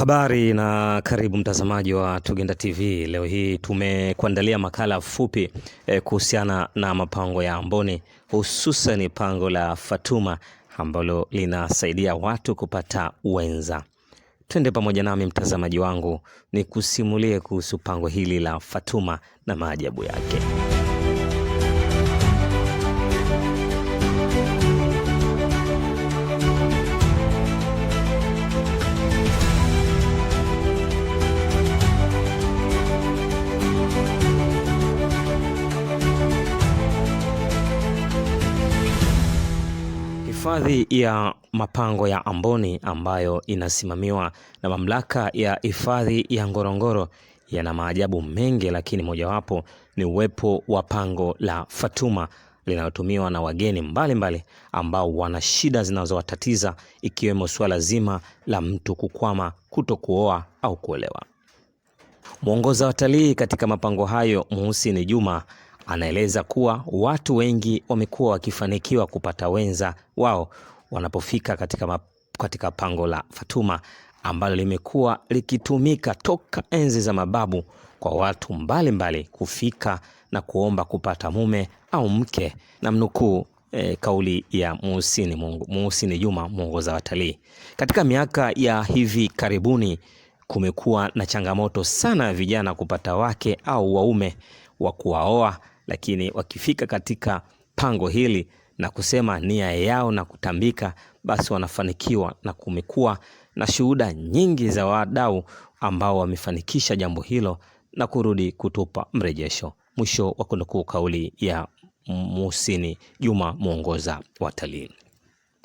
Habari na karibu mtazamaji wa Tugenda TV. Leo hii tumekuandalia makala fupi e, kuhusiana na mapango ya Amboni, hususan pango la Fatuma ambalo linasaidia watu kupata wenza. Twende pamoja nami mtazamaji wangu, ni kusimulie kuhusu pango hili la Fatuma na maajabu yake. Hifadhi ya Mapango ya Amboni ambayo inasimamiwa na Mamlaka ya Hifadhi ya Ngorongoro yana maajabu mengi, lakini mojawapo ni uwepo wa pango la Fatuma linalotumiwa na wageni mbalimbali mbali, ambao wana shida zinazowatatiza ikiwemo suala zima la mtu kukwama, kuto kuoa au kuolewa. Mwongoza watalii katika mapango hayo Muhusini Juma Anaeleza kuwa watu wengi wamekuwa wakifanikiwa kupata wenza wao wanapofika katika, ma, katika pango la Fatuma ambalo limekuwa likitumika toka enzi za mababu kwa watu mbalimbali mbali kufika na kuomba kupata mume au mke, na mnukuu E, kauli ya Muhsini Mungu, Muhsini Juma mwongoza watalii. Katika miaka ya hivi karibuni kumekuwa na changamoto sana ya vijana kupata wake au waume wa kuwaoa lakini wakifika katika pango hili na kusema nia yao na kutambika, basi wanafanikiwa, na kumekuwa na shuhuda nyingi za wadau ambao wamefanikisha jambo hilo na kurudi kutupa mrejesho. Mwisho wa kunukuu kauli ya musini Juma, mwongoza watalii.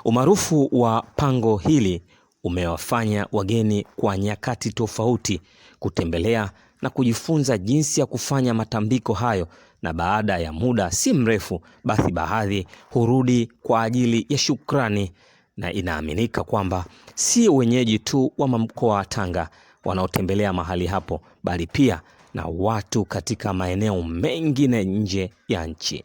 Umaarufu wa pango hili umewafanya wageni kwa nyakati tofauti kutembelea na kujifunza jinsi ya kufanya matambiko hayo, na baada ya muda si mrefu, basi baadhi hurudi kwa ajili ya shukrani, na inaaminika kwamba si wenyeji tu wa mkoa wa Tanga wanaotembelea mahali hapo, bali pia na watu katika maeneo mengine nje ya nchi.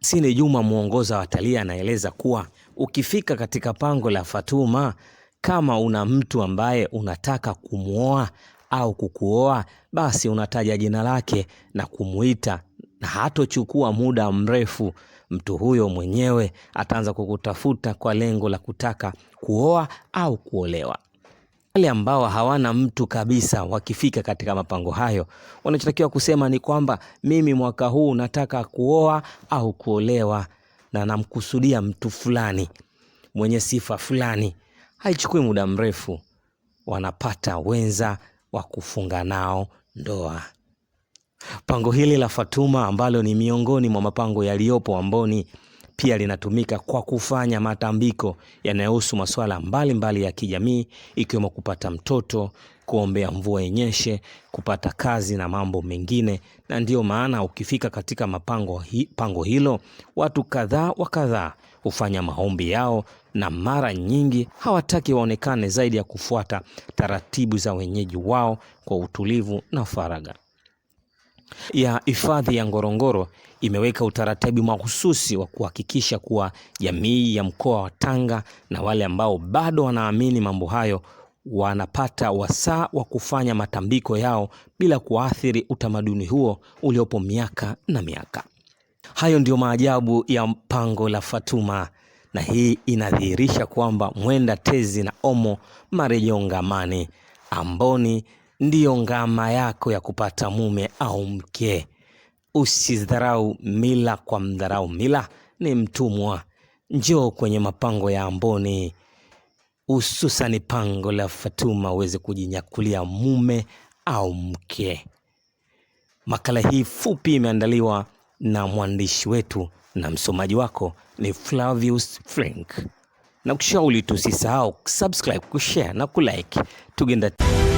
Sini Juma, mwongoza watalii, anaeleza kuwa ukifika katika pango la Fatuma, kama una mtu ambaye unataka kumwoa au kukuoa, basi unataja jina lake na kumuita, na hatochukua muda mrefu, mtu huyo mwenyewe ataanza kukutafuta kwa lengo la kutaka kuoa au kuolewa. Wale ambao hawana mtu kabisa, wakifika katika mapango hayo, wanachotakiwa kusema ni kwamba mimi mwaka huu nataka kuoa au kuolewa, na namkusudia mtu fulani mwenye sifa fulani. Haichukui muda mrefu, wanapata wenza wa kufunga nao ndoa. Pango hili la Fatuma ambalo ni miongoni mwa mapango yaliyopo Amboni pia linatumika kwa kufanya matambiko yanayohusu masuala mbalimbali ya kijamii ikiwemo kupata mtoto, kuombea mvua yenyeshe kupata kazi na mambo mengine. Na ndiyo maana ukifika katika mapango hi, pango hilo watu kadhaa wa kadhaa hufanya maombi yao, na mara nyingi hawataki waonekane zaidi ya kufuata taratibu za wenyeji wao kwa utulivu na faragha ya hifadhi ya Ngorongoro imeweka utaratibu mahususi wa kuhakikisha kuwa jamii ya mkoa wa Tanga na wale ambao bado wanaamini mambo hayo wanapata wasaa wa kufanya matambiko yao bila kuathiri utamaduni huo uliopo miaka na miaka. Hayo ndiyo maajabu ya pango la Fatuma, na hii inadhihirisha kwamba mwenda tezi na omo marejongamani amboni ndiyo ngama yako ya kupata mume au mke. Usidharau mila kwa mdharau mila, ni mtumwa. Njoo kwenye mapango ya Amboni, hususani pango la Fatuma, uweze kujinyakulia mume au mke. Makala hii fupi imeandaliwa na mwandishi wetu na msomaji wako ni Flavius Frank, na kushauri tusisahau kusubscribe, kushare na kulike tugenda